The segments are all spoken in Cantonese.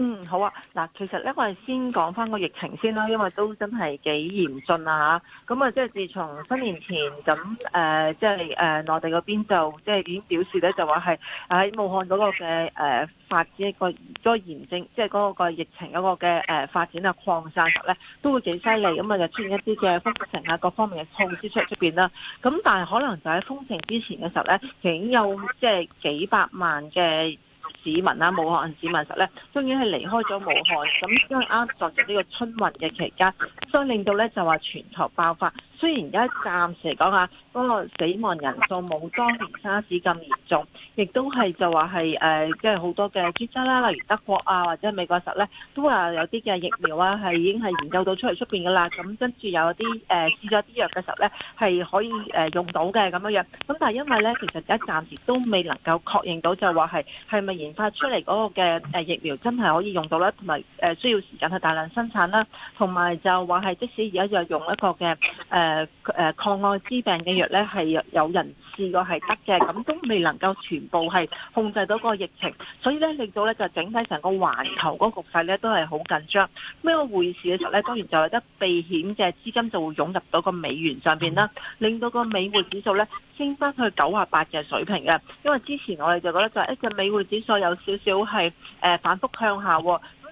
嗯，好啊。嗱，其實咧，我哋先講翻個疫情先啦，因為都真係幾嚴峻啊嚇。咁啊，即係自從新年前咁誒，即係誒內地嗰邊就即係、就是、已經表示咧、那個那個，就話係喺武漢嗰個嘅誒發展一個即係炎症，即係嗰個個疫情嗰個嘅誒發展啊擴散嗰陣咧，都會幾犀利。咁啊，就出現一啲嘅封城啊，各方面嘅措施出出邊啦。咁但係可能就喺封城之前嘅時候咧，已有即係幾百萬嘅。市民啦、啊，武漢市民實咧，終於係離開咗武漢，咁因為啱，昨日呢個春運嘅期間，所以令到咧就話全球爆發。雖然而家暫時嚟講嚇，嗰、嗰個死亡人數冇當年沙士咁嚴重，亦都係就話係誒，即係好多嘅專家啦，例如德國啊或者美國嘅時候咧，都話有啲嘅疫苗啊係已經係研究到出嚟出面㗎喇。咁跟住有啲誒、呃、試咗啲藥嘅時候咧，係可以誒用到嘅咁樣樣。咁但係因為咧，其實而家暫時都未能夠確認到就話係係咪研發出嚟嗰個嘅誒疫苗真係可以用到咧，同埋誒需要時間去大量生產啦，同埋就話係即使而家藥用一個嘅誒。呃誒、呃、誒、呃，抗艾滋病嘅藥咧係有人試過係得嘅，咁都未能夠全部係控制到個疫情，所以咧令到咧就整體成個環球嗰個局勢咧都係好緊張。咩回事嘅時候咧，當然就有得避險嘅資金就會湧入到個美元上邊啦，令到個美匯指數咧升翻去九十八嘅水平嘅。因為之前我哋就覺得就係一個美匯指數有少少係誒、呃、反覆向下。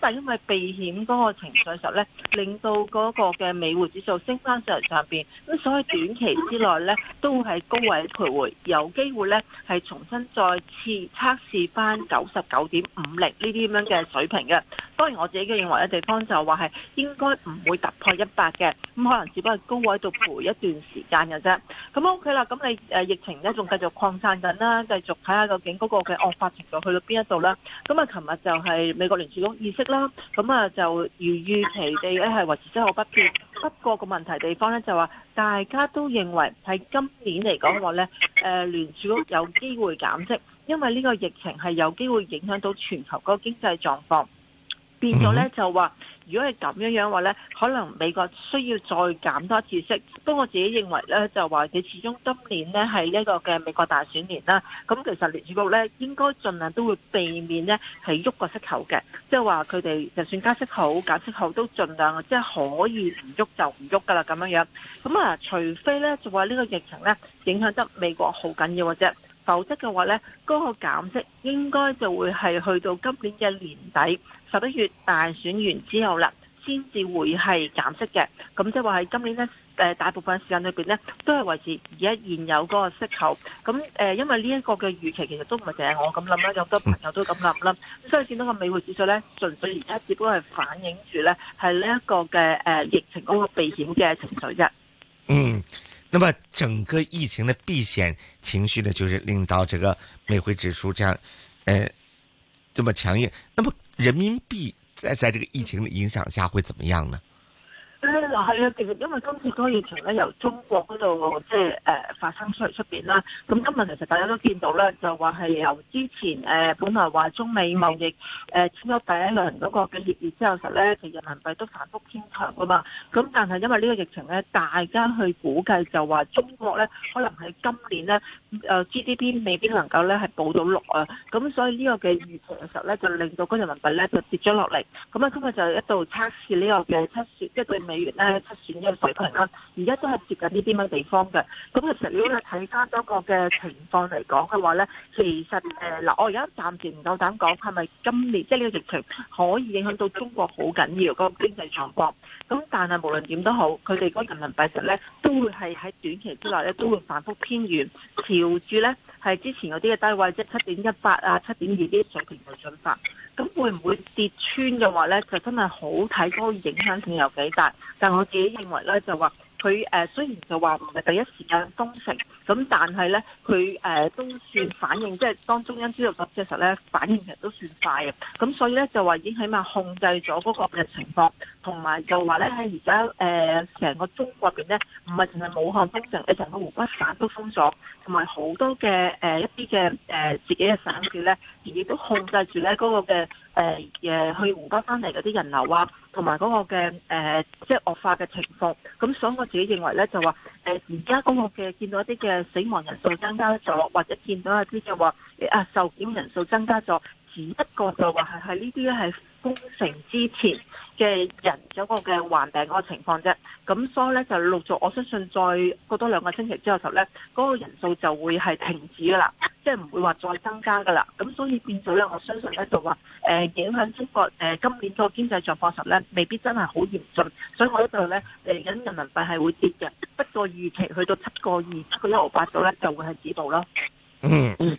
但係因為避險嗰個情緒時候咧，令到嗰個嘅美匯指數升翻上嚟上面，咁所以短期之內咧，都係高位徘徊，有機會咧係重新再次測試翻九十九點五零呢啲咁樣嘅水平嘅。當然我自己嘅認為咧，地方就話係應該唔會突破一百嘅，咁可能只不過係高位度徘徊一段時間嘅啫。咁 OK 啦，咁你誒疫情咧仲繼續擴散緊啦，繼續睇下究竟嗰個嘅惡化程度去到邊一度啦。咁啊，琴日就係美國聯儲局議息啦，咁啊就如預期地咧係維持好不變。不過個問題地方咧就話，大家都認為喺今年嚟講，話、呃、咧，聯儲局有機會減息，因為呢個疫情係有機會影響到全球嗰個經濟狀況嗯、變咗咧，就話如果係咁樣樣話咧，可能美國需要再減多一次息。不過我自己認為咧，就話你始終今年咧係一個嘅美國大選年啦。咁其實聯儲局咧應該盡量都會避免咧係喐個息口嘅，即係話佢哋就算加息好、減息好都盡量即係、即係、可以唔喐就唔喐噶啦咁樣樣。咁啊，除非咧就話呢個疫情咧影響得美國好緊要嘅啫，否則嘅話咧嗰、嗰個減息應該就會係去到今年嘅年底。十一月大選完之後啦，先至會係減息嘅。咁即係話喺今年咧，誒大部分時間裏邊咧，都係維持而家現有嗰個息口。咁誒，因為呢一個嘅預期，其實都唔係淨係我咁諗啦，有好多朋友都咁諗啦。咁所以見到個美匯指數咧，純粹而家只不過係反映住咧，係呢一個嘅誒疫情嗰個避險嘅情緒啫。嗯，那麼整個疫情嘅避險情緒呢，就是令到這個美匯指數這樣誒、呃、這麼強硬。那麼。人民幣在在這個疫情的影響下會怎麼樣呢？就係啊，其實因為今次嗰個疫情咧，由中國嗰度即係誒發生出嚟出邊啦。咁今日其實大家都見到咧，就話係由之前誒、呃、本來話中美貿易誒簽咗第一輪嗰個嘅協議之後，實咧其實人民幣都反覆偏強㗎嘛。咁但係因為呢個疫情咧，大家去估計就話中國咧可能係今年咧誒、呃、GDP 未必能夠咧係報到六啊。咁所以呢個嘅疫情嘅時候咧，就令到嗰人民幣咧就跌咗落嚟。咁啊，今日就一度測試呢個嘅測算，即、就、係、是、對美元。呃、七點一嘅水平啦，而家都係接近呢啲咩地方嘅。咁、嗯、其實如果你睇翻中國嘅情況嚟講嘅話咧，其實誒，嗱、呃，我而家暫時唔夠膽講係咪今年即係呢個疫情可以影響到中國好緊要個經濟狀況。咁、嗯、但係無論點都好，佢哋嗰人民幣實咧都會係喺短期之內咧都會反覆偏軟調住咧係之前嗰啲嘅低位，即係七點一八啊、七點二啲水平去進發。咁會唔會跌穿嘅話咧，就真係好睇嗰個影響性有幾大。但我自己認為咧，就話佢誒雖然就話唔係第一時間封城，咁但係咧佢誒都算反應，即係當中央知道咁嘅時候咧反應其實都算快。咁所以咧就話已經起碼控制咗嗰個嘅情況，同埋就話咧喺而家誒成個中國入面咧，唔係淨係武漢封城，誒成個湖北省都封咗，同埋好多嘅誒、呃、一啲嘅誒自己嘅省市咧。亦都控制住咧嗰個嘅誒嘢去湖北翻嚟嗰啲人流啊，同埋嗰個嘅誒即係惡化嘅情況。咁所以我自己認為咧就話誒，而家嗰個嘅見到一啲嘅死亡人數增加咗，或者見到一啲嘅話啊受檢人數增加咗。只不過就話係呢啲咧係封城之前嘅人嗰個嘅患病嗰個情況啫，咁所以咧就陸續我相信再過多兩個星期之後就咧嗰個人數就會係停止噶啦，即係唔會話再增加噶啦，咁所以變咗咧我相信咧就話影響中國今年個經濟狀況時咧未必真係好嚴峻，所以我呢度咧誒引緊人民幣係會跌嘅，不過預期去到七個二七個一毫八度咧就會係止步咯。嗯 嗯。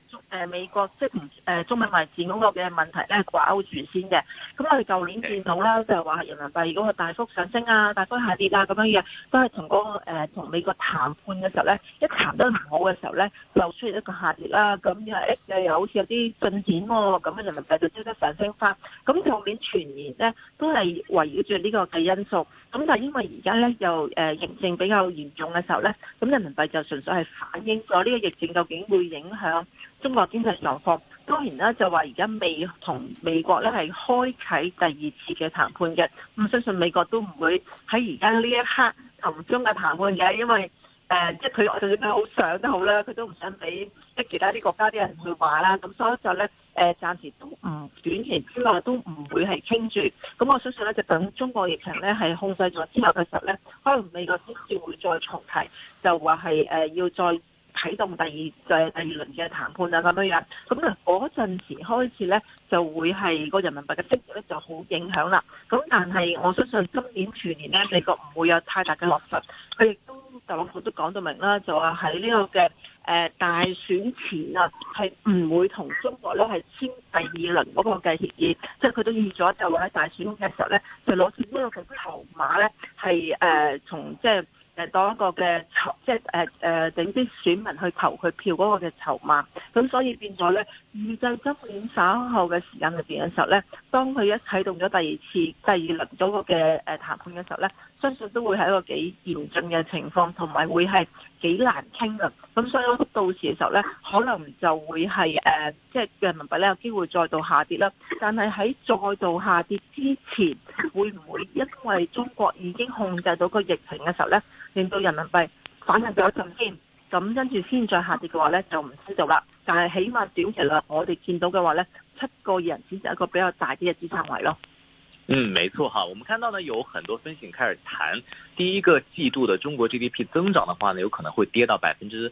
誒美國即係唔誒中美貿易嗰個嘅問題咧，掛鈎住先嘅。咁我哋舊年見到啦，就係話人民幣如果係大幅上升啊，大幅下跌啦，咁樣樣都係同嗰個同美國談判嘅時候咧，一談得唔好嘅時候咧，就出現一個下跌啦。咁又誒又好似有啲進展喎、哦，咁啊人民幣就即刻上升翻。咁後面傳言咧都係圍繞住呢個嘅因素。咁但係因為而家咧又誒疫情比較嚴重嘅時候咧，咁人民幣就純粹係反映咗呢個疫情究竟會影響中國經濟狀況，當然啦，就話而家未同美國咧係開啟第二次嘅談判嘅，咁相信美國都唔會喺而家呢一刻同中嘅談判嘅，因為誒即係佢就算佢好想都好啦，佢都唔想俾即係其他啲國家啲人去話啦，咁所以就咧誒暫時都唔、嗯、短期之內都唔會係傾住，咁我相信咧就等中國疫情咧係控制咗之後嘅時候咧，可能美國先至會再重提，就話係誒要再。啟動第二嘅、就係、第二輪嘅談判啊，咁樣樣，咁嗰陣時開始咧，就會係個人民幣嘅升值咧就好影響啦。咁但係我相信今年全年咧，美國唔會有太大嘅落實。佢亦都特朗普都講到明啦，就話喺呢個嘅誒大選前啊，係唔會同中國咧係簽第二輪嗰個嘅協議，即係佢都預咗就話喺大選嘅時候咧，就攞住呢個嘅籌碼咧，係誒從即係。當一個嘅籌，即係誒誒，整啲選民去投佢票嗰個嘅籌碼，咁所以變咗咧，預計今年稍後嘅時間入邊嘅時候咧，當佢一啟動咗第二次第二輪嗰個嘅誒談判嘅時候咧，相信都會係一個幾嚴峻嘅情況，同埋會係幾難傾噶。咁所以到時嘅時候咧，可能就會係誒，即係人民幣咧有機會再度下跌啦。但係喺再度下跌之前，會唔會因為中國已經控制到個疫情嘅時候咧？令到人民幣反彈咗陣先，咁跟住先再下跌嘅話呢，就唔知道啦。但係起碼短期內我哋見到嘅話呢，七個月先至一個比較大啲嘅支撐位咯。嗯，冇錯哈，我們看到呢有很多分析開始談第一個季度的中國 GDP 增長嘅話呢，有可能會跌到百分之。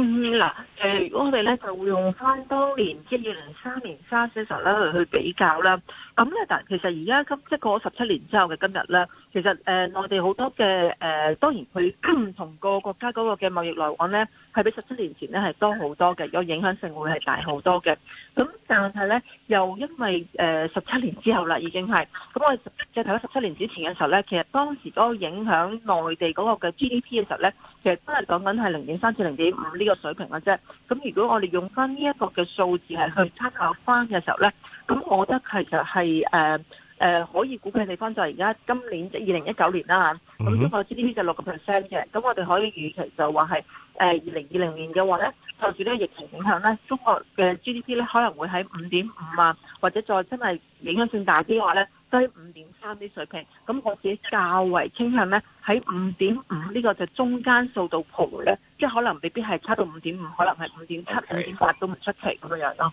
嗯嗱，誒、嗯，如果我哋咧、嗯、就會用翻當年即二零三年沙士時候咧去去比較啦，咁、嗯、咧但其實而家今即過咗十七年之後嘅今日咧。其實誒，內、呃、地好多嘅誒、呃，當然佢 同個國家嗰個嘅貿易來往呢，係比十七年前呢係多好多嘅，有影響性會係大好多嘅。咁但係呢，又因為誒十七年之後啦，已經係咁我哋即係睇咗十七年之前嘅時候呢，其實當時嗰個影響內地嗰個嘅 GDP 嘅時候呢，其實都係講緊係零點三至零點五呢個水平嘅啫。咁如果我哋用翻呢一個嘅數字係去參考翻嘅時候呢，咁我覺得其實係誒。呃誒、呃、可以估計嘅地方就係而家今年，即係二零一九年啦，咁中國 GDP 就六個 percent 嘅，咁我哋可以預期就說是、呃、2020年的話係誒，二零二零年嘅話咧，受住呢個疫情影響咧，中國嘅 GDP 咧可能會喺五點五啊，或者再真係影響性大啲嘅話咧，低五點三啲水平，咁我自己較為傾向咧喺五點五呢在5 .5 這個就中間數到盤咧，即、就、係、是、可能未必係差到五點五，可能係五點七、五點八都唔出奇咁嘅、okay. 樣咯。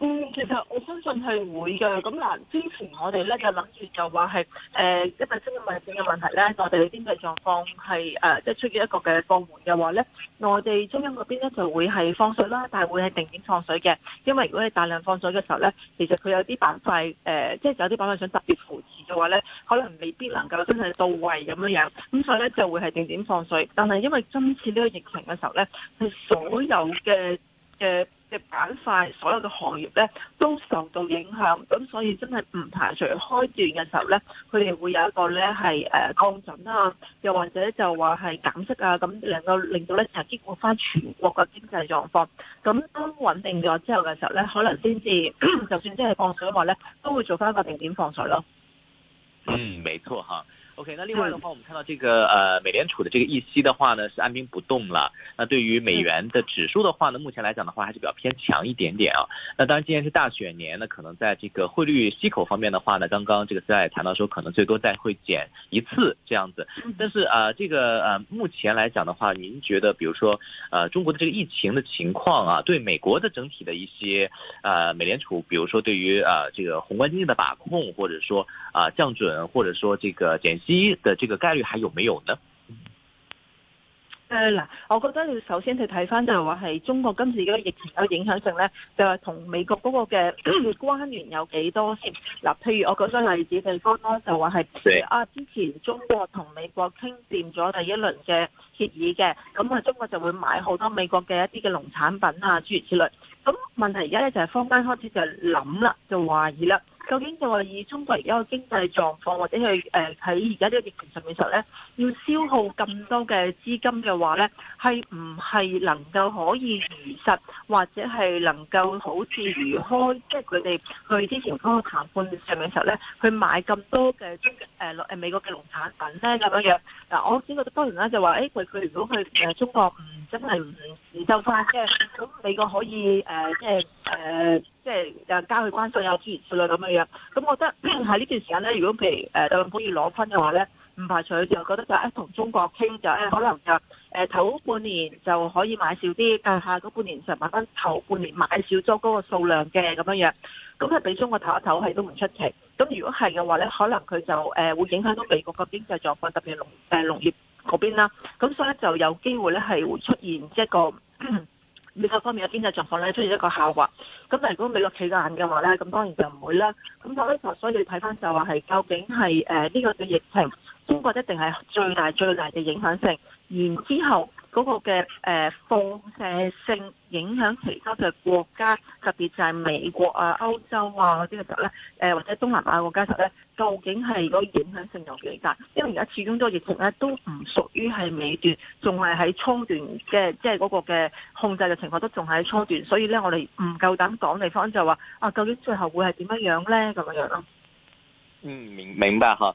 嗯，其實我相信係會嘅。咁嗱，之前我哋咧就諗住就話係，誒、呃，因為新冠疫情嘅問題咧，內地嘅經濟狀況係誒，即、呃、係、就是、出現一個嘅放緩嘅話咧，內地中央嗰邊咧就會係放水啦，但係會係定點放水嘅。因為如果你大量放水嘅時候咧，其實佢有啲板塊，誒、呃，即、就、係、是、有啲板塊想特別扶持嘅話咧，可能未必能夠真係到位咁樣樣。咁所以咧就會係定點放水。但係因為今次呢個疫情嘅時候咧，係所有嘅嘅。的嘅板塊，所有嘅行業咧都受到影響，咁所以真係唔排除開段嘅時候咧，佢哋會有一個咧係誒降準啊，又或者就話係減息啊，咁能夠令到咧又兼顧翻全國嘅經濟狀況，咁當穩定咗之後嘅時候咧，可能先至就算真係放水話咧，都會做翻個定點放水咯。嗯，冇錯吓。OK，那另外的話，我們看到這個呃，美聯儲的這個議息的話呢，是按兵不動了。那對於美元的指數的話呢，目前來講的話還是比較偏強一點點啊。那當然，今年是大選年，那可能在這個匯率息口方面的話呢，剛剛這個在談到說，可能最多再會減一次這樣子。但是啊、呃，這個呃，目前來講的話，您覺得，比如說呃，中國的這個疫情的情況啊，對美國的整體的一些呃，美聯儲，比如說對於呃這個宏觀經濟的把控，或者說啊、呃、降準，或者說這個減息。這個概率還有沒有呢？誒、嗯、嗱，我覺得你首先去睇翻就係話係中國今次一個疫情有影響性咧，就係同美國嗰個嘅關聯有幾多先。嗱，譬如我舉個例子，對方咧就話係啊，之前中國同美國傾掂咗第一輪嘅協議嘅，咁啊中國就會買好多美國嘅一啲嘅農產品啊，諸如此類。咁問題而家咧就係坊間開始就諗啦，就懷疑啦。究竟就話以中國而家嘅經濟狀況，或者去誒喺而家呢個疫情上面嘅時候咧，要消耗咁多嘅資金嘅話咧，係唔係能夠可以如實，或者係能夠好似如開，即係佢哋去之前嗰個談判上面嘅時候咧，去買咁多嘅誒誒美國嘅農產品咧咁樣樣？嗱，我只覺得當然啦，就話誒佢佢如果去誒中國唔。真係唔唔收翻，即係咁美國可以誒、呃呃呃，即係誒，即係誒加佢關稅啊，諸如此類咁樣樣。咁我覺得喺呢段時間咧，如果譬如誒特朗普要攞分嘅話咧，唔排除就覺得就誒同中國傾就誒，可能就誒、呃、頭半年就可以買少啲，但係下個半年就買翻頭半年買少咗嗰個數量嘅咁樣樣。咁係俾中國唞一唞係都唔出奇。咁如果係嘅話咧，可能佢就誒、呃、會影響到美國個經濟狀況，特別農誒農業。啦，咁所以咧就有機會咧係會出現一個美國 方面嘅經濟狀況咧出現一個下滑，咁但係如果美國企硬嘅話咧，咁當然就唔會啦。咁所以就所以睇翻就話係究竟係呢、呃呢個嘅疫情，中國一定係最大最大嘅影響性，然之後，嗰個嘅、誒放射性影響其他嘅國家，特別就係美國啊、歐洲啊嗰啲嘅時候咧，誒，或者東南亞國家時候咧，究竟係嗰個影響性有幾大？因為而家始終都疫情咧，都唔屬於係尾段，仲係喺初段嘅，即係嗰個嘅控制嘅情況都仲係喺初段，所以咧我哋唔夠膽講地方就話啊，究竟最後會係點樣樣咧咁樣樣咯。嗯，明明白哈。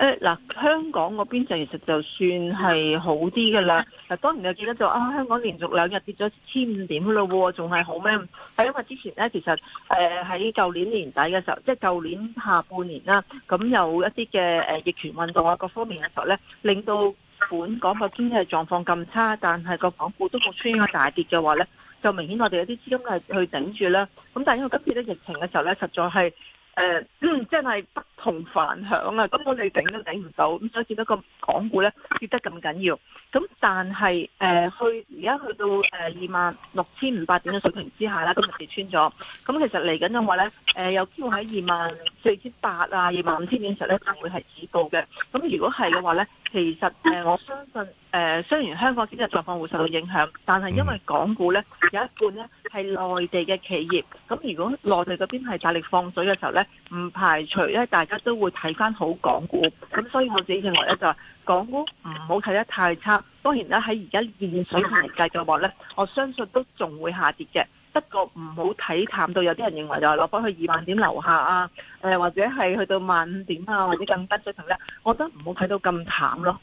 誒、哎、嗱，香港嗰邊就其實就算係好啲嘅啦。嗱，當然又記得就啊，香港連續兩日跌咗千五點嘅咯喎，仲係好咩？係因為之前咧，其實誒喺舊年年底嘅時候，即係舊年下半年啦，咁有一啲嘅誒逆權運動啊各方面嘅時候咧，令到本港個經濟狀況咁差，但係個港股都冇出現大跌嘅話咧，就明顯我哋有啲資金係去頂住啦。咁但係因為今次咧疫情嘅時候咧，實在係誒、呃、真係。同反響啊！咁我哋頂都頂唔、呃、到，咁所以只不過港股咧跌得咁緊要。咁但係誒去而家去到誒二萬六千五百點嘅水平之下啦，今日跌穿咗。咁其實嚟緊嘅話咧、呃，有機會喺二萬四千八啊，二萬五千點嘅時候咧，就會係止步嘅。咁如果係嘅話咧，其實誒、呃、我相信誒、呃、雖然香港經濟狀況會受到影響，但係因為港股咧有一半咧係內地嘅企業，咁如果內地嗰邊係大力放水嘅時候咧，唔排除咧大。而家都會睇翻好港股，咁所以我自己認為咧就港股唔好睇得太差。當然啦，喺而家現水平計嘅話咧，我相信都仲會下跌嘅。不過唔好睇淡到有啲人認為就係落翻去二萬點樓下啊，誒或者係去到萬五點啊或者更低水平咧，我覺得唔好睇到咁淡咯。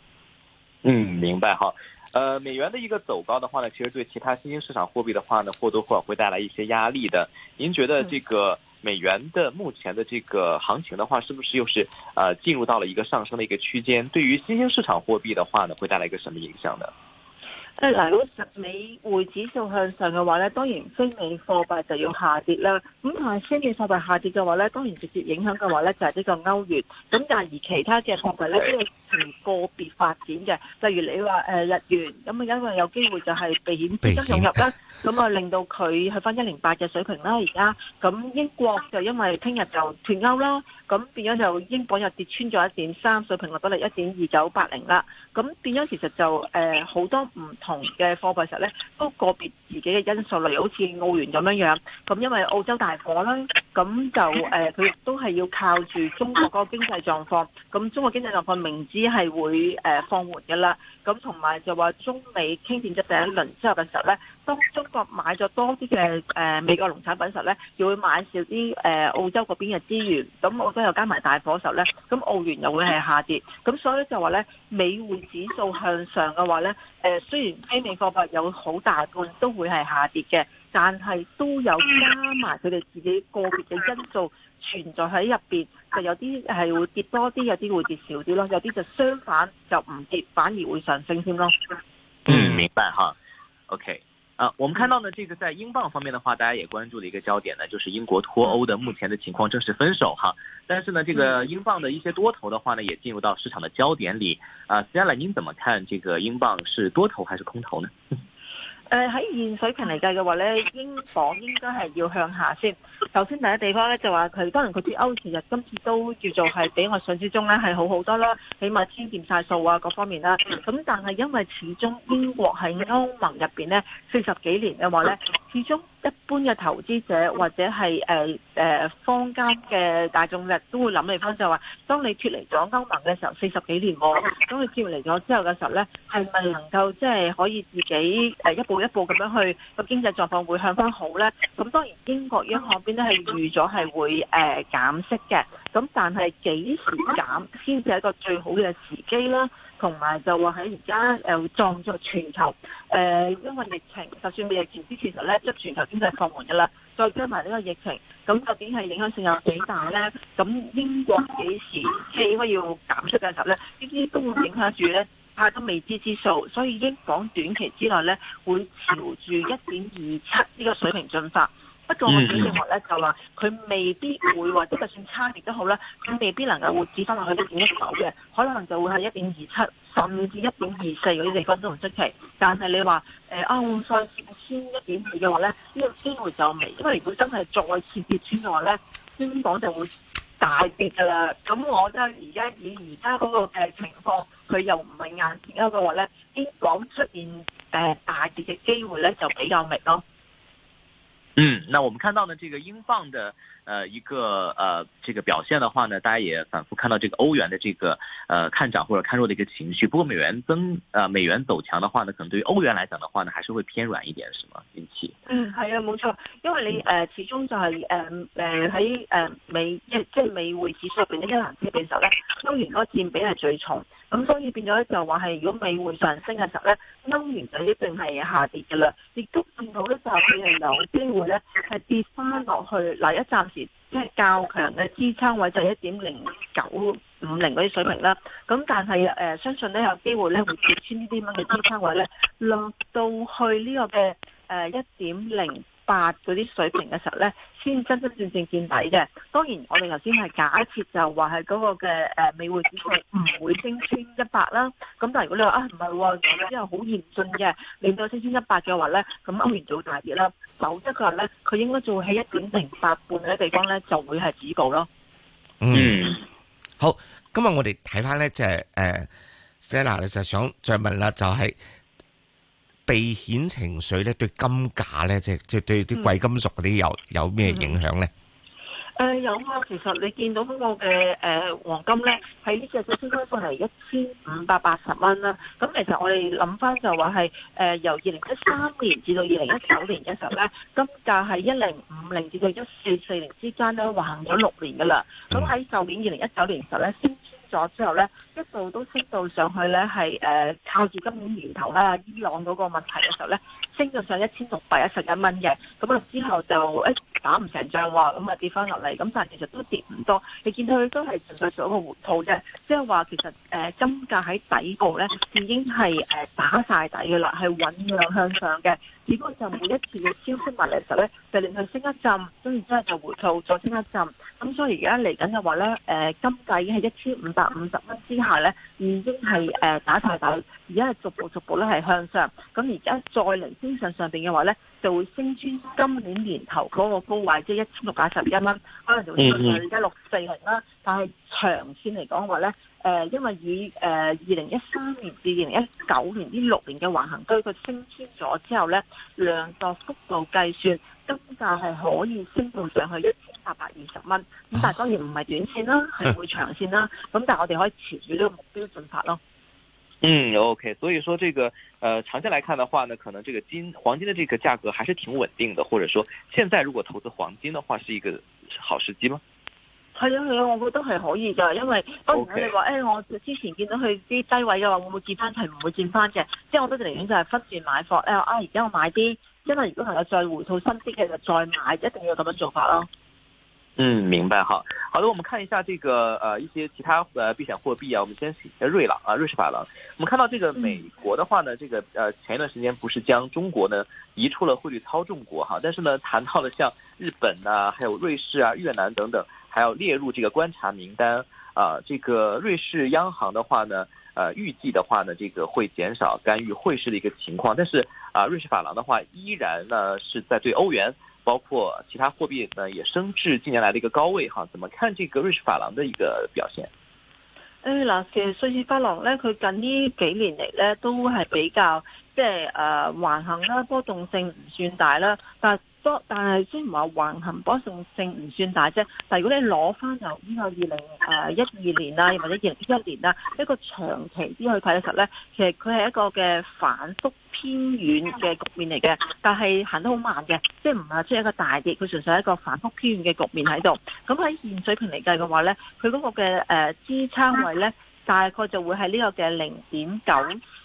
嗯，明白哈、呃。美元嘅一個走高嘅話呢，其實對其他新興市場貨幣嘅話呢，或多或少會帶來一些壓力嘅。您覺得這個？美元的目前的這個行情的話，是不是又是呃進入到了一個上升的一個區間？對於新興市場貨幣的話呢，會帶來一個什麼影響呢？誒，嗱，如果美匯指數向上嘅話咧，當然非美貨幣就要下跌啦。咁同埋非美貨幣下跌嘅話咧，當然直接影響嘅話咧就係呢個歐元。咁但係而其他嘅貨幣咧，呢都係個別發展嘅。例如你話誒、呃、日元，咁啊因為有機會就係避,避險，資金湧入啦。咁啊令到佢去翻一零八嘅水平啦。而家咁英國就因為聽日就脱歐啦，咁變咗就英鎊又跌穿咗一點三水平，落咗嚟一點二九八零啦。咁變咗其實就誒好、呃、多唔。同嘅貨幣實咧都個別自己嘅因素，例如好似澳元咁樣樣咁因為澳洲大火啦。咁就誒，佢、呃、都係要靠住中國個經濟狀況。咁中國經濟狀況明知係會、呃、放緩㗎啦。咁同埋就話中美傾掂咗第一輪之後嘅時候咧，當中國買咗多啲嘅、呃、美國農產品時候咧，又會買少啲、呃、澳洲嗰邊嘅資源。咁澳洲又加埋大火時候咧，咁澳元又會係下跌。咁所以就話咧，美匯指數向上嘅話咧、呃，雖然非美貨幣有好大半都會係下跌嘅。但係都有加埋佢哋自己個別嘅因素存在喺入邊，就有啲係會跌多啲，有啲會跌少啲咯，有啲就相反就唔跌，反而會上升添咯。嗯，明白哈。OK，啊，我們看到呢，這個在英鎊方面的話，大家也關注嘅一個焦點呢，就是英國脫歐的目前的情況正式分手哈。但是呢，這個英鎊的一些多頭的話呢，也進入到市場的焦點裏。啊，接下來您怎麼看這個英鎊是多頭還是空頭呢？誒、呃，喺現水平嚟計嘅話咧，英鎊應該係要向下先。首先第一地方咧就話佢，當然佢接歐前日今次都叫做係比我想之中咧係好好多啦，起碼黐掂晒數啊各方面啦。咁但係因為始終英國喺歐盟入邊咧四十幾年嘅話咧，始終。一般嘅投資者或者係誒誒坊間嘅大眾力都會諗嚟翻就話，當你脫離咗歐盟嘅時候四十幾年喎，咁你脫離咗之後嘅時候咧，係咪能夠即係、就是、可以自己誒、呃、一步一步咁樣去個經濟狀況會向翻好咧？咁當然英國央行邊都係預咗係會誒、呃、減息嘅，咁但係幾時減先至係一個最好嘅時機啦？同埋就話喺而家又撞咗全球，誒、呃，因為疫情，就算未疫情之前實咧，即係全球經濟放緩噶啦，再加埋呢個疫情，咁究竟係影響性有幾大咧？咁英國幾時即係應該要減息嘅時候咧？呢啲都會影響住咧，怕都未知之數，所以英鎊短期之內咧會朝住一點二七呢個水平進發。不過我自己認為咧就話，佢未必會話，即係就算差亦都好啦，咁未必能夠活指翻落去一點一九嘅，可能就會係一點二七，甚至一點二四嗰啲地方都唔出奇。但係你話誒啊，再跌穿一點二嘅話咧，呢、哦這個機會就微，因為如果真係再次跌穿嘅話咧，香港就會大跌㗎啦。咁我即係而家以而家嗰個情況，佢又唔係眼前一個咧，香港出現誒大跌嘅機會咧就比較微咯。嗯，那我們看到呢，這個英鎊的，呃一個，呃這個表現的話呢，大家也反覆看到這個歐元的這個，呃看漲或者看弱的一個情緒。不過美元增，呃美元走強的話呢，可能對於歐元來講的話呢，還是會偏軟一點，是嗎？慧芬？嗯，係啊，冇錯，因為你，呃始終就係、是，誒誒喺，誒、呃呃、美一即係美匯指數入邊咧一籃子嘅時候咧，歐元個佔比係最重。咁所以變咗咧就話係，如果美匯上升嘅時候咧，歐元就一定係下跌嘅啦。亦都見到咧，就佢係有機會咧係跌翻落去。嗱，一暫時即係較強嘅支撐位就係一點零九五零嗰啲水平啦。咁但係、呃、相信咧有機會咧會跌穿呢啲咁嘅支撐位咧，落到去呢個嘅誒一點零八嗰啲水平嘅時候咧，先真真正正見底嘅。當然，我哋頭先係假設就話係嗰個嘅誒美匯指數唔會升穿一百啦。咁但係如果你話啊唔係，然之後好嚴峻嘅令到升穿一百嘅話咧，咁歐元就大跌啦。否則嘅話咧，佢應該就喺一點零八半嘅地方咧，就會係止告咯。嗯，好。今日我哋睇翻咧，即係誒，謝、呃、娜，Stella，你就想再問啦，就係、是。避險情緒咧對金價咧即係即係對啲貴金屬嗰啲有有咩影響咧？誒有啊，其實你見到嗰個嘅誒黃金咧，喺呢隻嘅升開都係一千五百八十蚊啦。咁其實我哋諗翻就話係誒由二零一三年至到二零一九年嘅時候咧，金價係一零五零至到一四四零之間咧，橫咗六年噶啦。咁喺舊年二零一九年嘅時候咧。嗯咗之後咧，一度都升到上去咧，係誒、呃、靠住今年年頭啦、啊，伊朗嗰個問題嘅時候咧，升咗上一千六百一十一蚊嘅，咁啊、嗯、之後就一、欸、打唔成仗喎，咁、嗯、啊跌翻落嚟，咁、嗯、但係其實都跌唔多，你見到佢都係純粹做一個活套啫，即係話其實誒、呃、金價喺底部咧已經係誒、呃、打晒底嘅啦，係穩向向上嘅。如果就每一次嘅消息出嚟嘅時候咧，就令佢升一浸，跟住之後就回吐再升一浸。咁所以而家嚟緊嘅話咧，誒金價已經係一千五百五十蚊之下咧，已經係誒、呃、打曬底，而家係逐步逐步咧係向上，咁而家再嚟升上上邊嘅話咧，就會升穿今年年頭嗰個高位，即係一千六百十一蚊，可能就會升去一六四零啦，但係長線嚟講嘅話咧。誒、呃，因為以誒二零一三年至二零一九年呢六年嘅橫行區，佢升穿咗之後呢，量作幅度計算，金價係可以升到上去一千八百二十蚊。咁但係當然唔係短線啦，係會長線啦。咁但係我哋可以持住呢個目標進發咯。嗯，OK。所以說，這個，呃，長線來看的話呢，可能這個金黃金的這個價格還是挺穩定的。或者說，現在如果投資黃金的話，是一個好時機嗎？係啊係啊，我覺得係可以嘅，因為不然你話誒，我之前見到佢啲低位嘅話，會唔會跌翻齊？唔會跌翻嘅，即係我都寧願就係分段買貨。誒、哎，我而家我買啲，因為如果係有再回吐新啲嘅，就再買，一定要咁樣做法咯。嗯，明白哈。好的，我們看一下這個呃一些其他呃避險貨幣啊，我們先睇下瑞朗啊，瑞士法郎。我們看到這個美國的話呢，這個呃前一段時間不是將中國呢移出了匯率操縱國哈，但是呢談到了像日本啊，還有瑞士啊、越南等等。還要列入這個觀察名單啊！這個瑞士央行的話呢，呃、啊，預計的話呢，這個會減少干預匯市的一個情況。但是啊，瑞士法郎的話依然呢是在對歐元，包括其他貨幣呢也升至近年來的一個高位哈、啊。怎麼看這個瑞士法郎的一個表現？誒、哎，嗱，其實瑞士法郎呢，佢近呢幾年嚟呢，都係比較即係誒，橫行啦，波動性唔算大啦，但。但係雖然話橫行波動性唔算大啫，但如果你攞翻就呢個二零誒一二年啊，又或者二零一一年啦，一個長期之去睇嘅時候咧，其實佢係一個嘅反復偏遠嘅局面嚟嘅，但係行得好慢嘅，即係唔係即係一個大跌，佢純粹係一個反復偏遠嘅局面喺度。咁喺現水平嚟計嘅話咧，佢嗰個嘅誒支撐位咧。大概就會喺呢個嘅零點九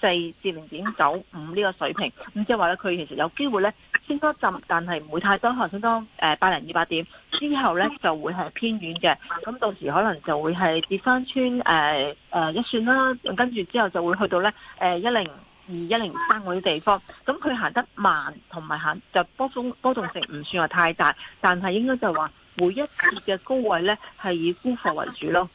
四至零點九五呢個水平，咁即係話咧，佢其實有機會咧升多一浸，但係唔會太多，可能升多誒八零二百點之後咧就會係偏遠嘅，咁到時可能就會係跌翻穿誒誒、呃呃、一算啦，跟住之後就會去到咧誒一零二一零三嗰啲地方，咁佢行得慢同埋行就波幅波動性唔算話太大，但係應該就話每一次嘅高位咧係以沽貨為主咯。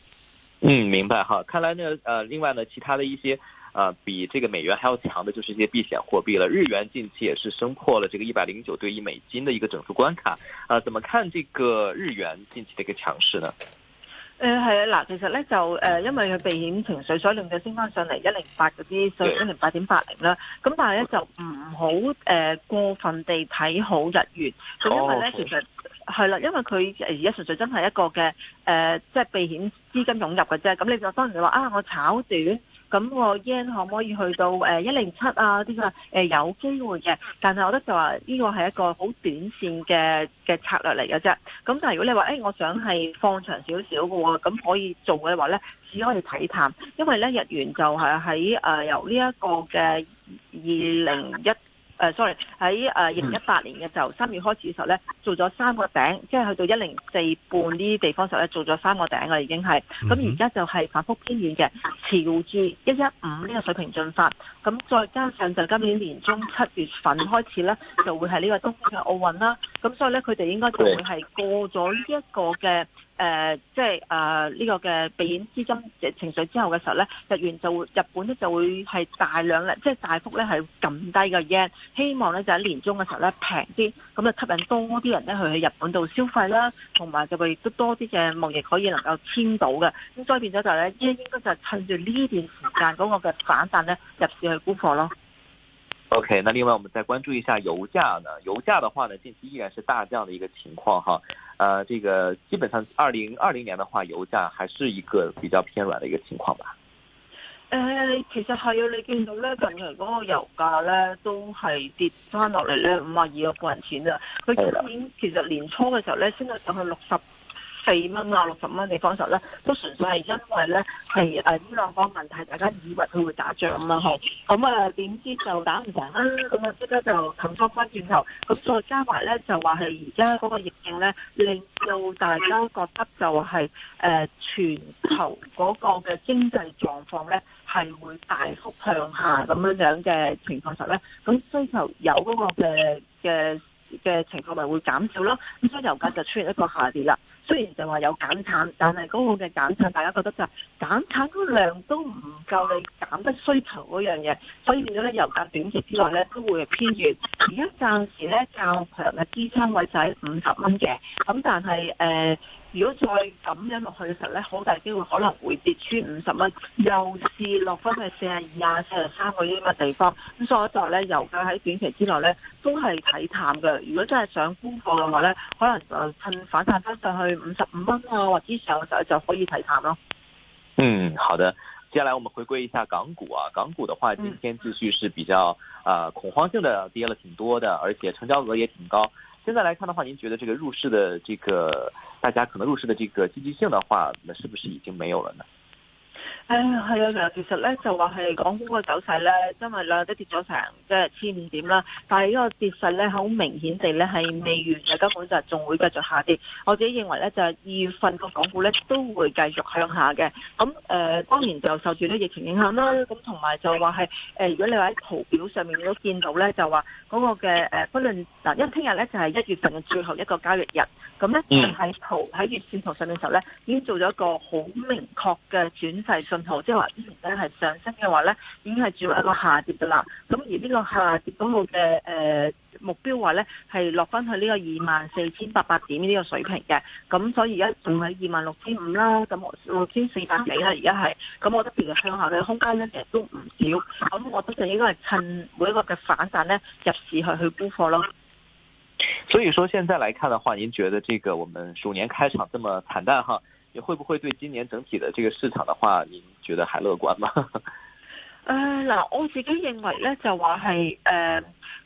嗯，明白哈。看來呢，呃，另外呢，其他的一些，呃，比這個美元還要強的，就是一些避險貨幣了。日元近期也是升破了這個一百零九對一美金的一個整數關卡，啊，呃，怎麼看這個日元近期的一個強勢呢？呃，係啊，嗱，其實呢，就呃，因為佢避險情緒所以，所以令佢升翻上嚟一零八嗰啲，所以一零八點八零啦。咁但係呢，就唔好誒過分地睇好日元，咁、哦、因為呢，其實係啦，因為佢而家純粹真係一個嘅誒，即、呃、係、就是、避險。資金湧入嘅啫，咁你就當然就話啊，我炒短，咁我 yen 可唔可以去到誒一零七啊？啲咁啊，誒有機會嘅，但係我覺得就話呢個係一個好短線嘅嘅策略嚟嘅啫。咁但係如果你話誒、欸，我想係放長少少嘅喎，咁可以做嘅話咧，只可以睇淡，因為咧日元就係喺誒由呢一個嘅二零一。誒、uh，sorry，喺誒二零一八年嘅時候，三月開始嘅時候咧，做咗三個頂，即係去到一零四半呢啲地方時候咧，做咗三個頂啦，已經係，咁而家就係反覆偏遠嘅，朝住一一五呢個水平進發，咁再加上就今年年中七月份開始咧，就會係呢個東京嘅奧運啦，咁所以咧佢哋應該就會係過咗呢一個嘅。誒、呃，即係誒呢個嘅避險資金情緒之後嘅時候咧，日元就會日本咧就會係大量咧，即、就、係、是、大幅咧係撳低嘅 yen，希望咧就喺、是、年中嘅時候咧平啲，咁就吸引多啲人咧去去日本度消費啦，同埋就佢亦都多啲嘅貿易可以能夠簽到嘅，咁所以變咗就咧係應該就趁住呢段時間嗰個嘅反彈咧入市去沽貨咯。OK，那另外我哋再關注一下油價呢？油價嘅話呢，近期依然是大降嘅一個情況哈。啊、呃，這個基本上二零二零年的話，油價還是一個比較偏軟的一個情況吧。誒、呃，其實係啊，你見到呢，近期嗰個油價呢都係跌翻落嚟呢五十二個個人錢啊。佢今年其實年初嘅時候呢，升咗上去六十。四蚊啊，六十蚊嘅方頭咧，都純粹係因為咧係誒呢兩個問題，大家以為佢會打仗啊嘛，咁啊，點知就打唔成啦，咁啊，即刻就冚咗翻轉頭，咁再加埋咧就話係而家嗰個疫情咧，令到大家覺得就係誒全球嗰個嘅經濟狀況咧係會大幅向下咁樣樣嘅情況實咧，咁需求有嗰個嘅嘅嘅情況咪會減少咯，咁所以油價就出現一個下跌啦。雖然就話有減產，但係嗰個嘅減產，大家覺得就係減產嗰量都唔夠你減得需求嗰樣嘢，所以變咗咧油價短期之內咧都會偏弱。而家暫時咧較強嘅支撐位就喺五十蚊嘅，咁但係誒，呃如果再咁樣落去嘅時候咧，好大機會可能會跌穿五十蚊，又是落翻去四廿二啊、四廿三嗰啲嘅地方。咁所以就呢由在咧油價喺短期之內咧都係睇淡嘅。如果真係想沽貨嘅話咧，可能趁反彈翻上去五十五蚊啊，或者上就就可以睇淡咯。嗯，好的。接下來我們回歸一下港股啊，港股的話今天繼續是比較啊、嗯呃、恐慌性的跌了，挺多的，而且成交額也挺高。現在來看的話，您覺得這個入市的這個大家可能入市的這個積極性的話，那是不是已經沒有了呢？誒、哎，係啊，其實咧就話係港股嘅走勢咧，因為兩日都跌咗成即係千五點啦。但係呢個跌勢咧，好明顯地咧係未完嘅，根本就係仲會繼續下跌。我自己認為咧就係、是、二月份個港股咧都會繼續向下嘅。咁誒、呃，當然就受住咧疫情影響啦。咁同埋就話係誒，如果你話喺圖表上面都見到咧，就話嗰個嘅誒、呃，不論嗱，因為聽日咧就係、是、一月份嘅最後一個交易日，咁咧喺圖喺月線圖上面嘅時候咧，已經做咗一個好明確嘅轉勢即係話之前咧係上升嘅話咧，已經係轉一個下跌噶啦。咁而呢個下跌嗰個嘅誒目標話咧，係落翻去呢個二萬四千八百點呢個水平嘅。咁所以而家仲喺二萬六千五啦，咁六千四百幾啦，而家係。咁我覺得其實向下嘅空間咧其實都唔少。咁我覺得就應該係趁每一個嘅反彈咧入市去去沽貨咯。所以說，現在來看嘅話，您覺得這個我們鼠年開場這麼慘淡，哈？你會不會對今年整體的這個市場的話，您覺得還樂觀嗎？誒，嗱，我自己認為咧，就話係誒，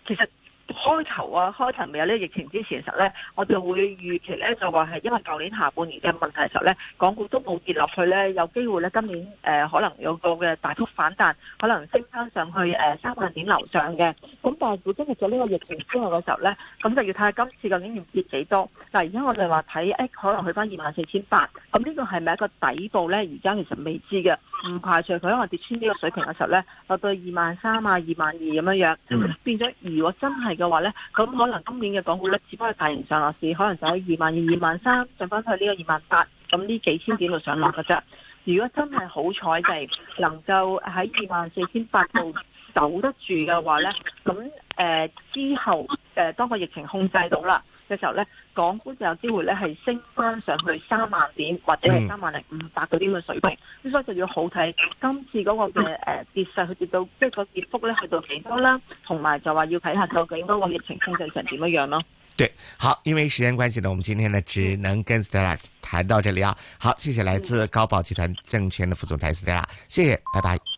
其實。開頭啊，開頭未有呢個疫情之前嘅時候咧，我就會預期咧就話係因為舊年下半年嘅問題嘅時候咧，港股都冇跌落去咧，有機會咧今年誒、呃、可能有個嘅大幅反彈，可能升翻上，上去誒三萬點樓上嘅。咁但係本身入咗呢個疫情之後嘅時候咧，咁就要睇下今次究竟要跌幾多。但係而家我哋話睇可能去翻二萬四千八，咁呢個係咪一個底部咧？而家其實未知嘅。唔排除佢因為跌穿呢個水平嘅時候咧，落到二萬三啊，二萬二咁樣樣，是是變咗，如果真係嘅話咧，咁可能今年嘅港股咧，只不過係大型上落市，可能就喺二萬二、二萬三上翻去呢個二萬八，咁呢幾千點度上落嘅啫。如果真係好彩，就係能夠喺二萬四千八度守得住嘅話咧，咁誒、呃、之後誒、呃，當個疫情控制到啦。嘅時候咧，港股就有機會咧係升翻上去三萬點或者係三萬零五百嗰啲咁嘅水平，嗯，所以就要好睇今次嗰個嘅誒跌勢去跌到，即係個跌幅咧去到幾多啦，同埋就話要睇下究竟嗰個疫情控制成點樣樣咯。對，好，因為時間關係呢，我們今天呢只能跟 s Stella 談到這裏啊。好，謝謝來自高寶集團證券的副總裁 Stella，謝謝，拜拜。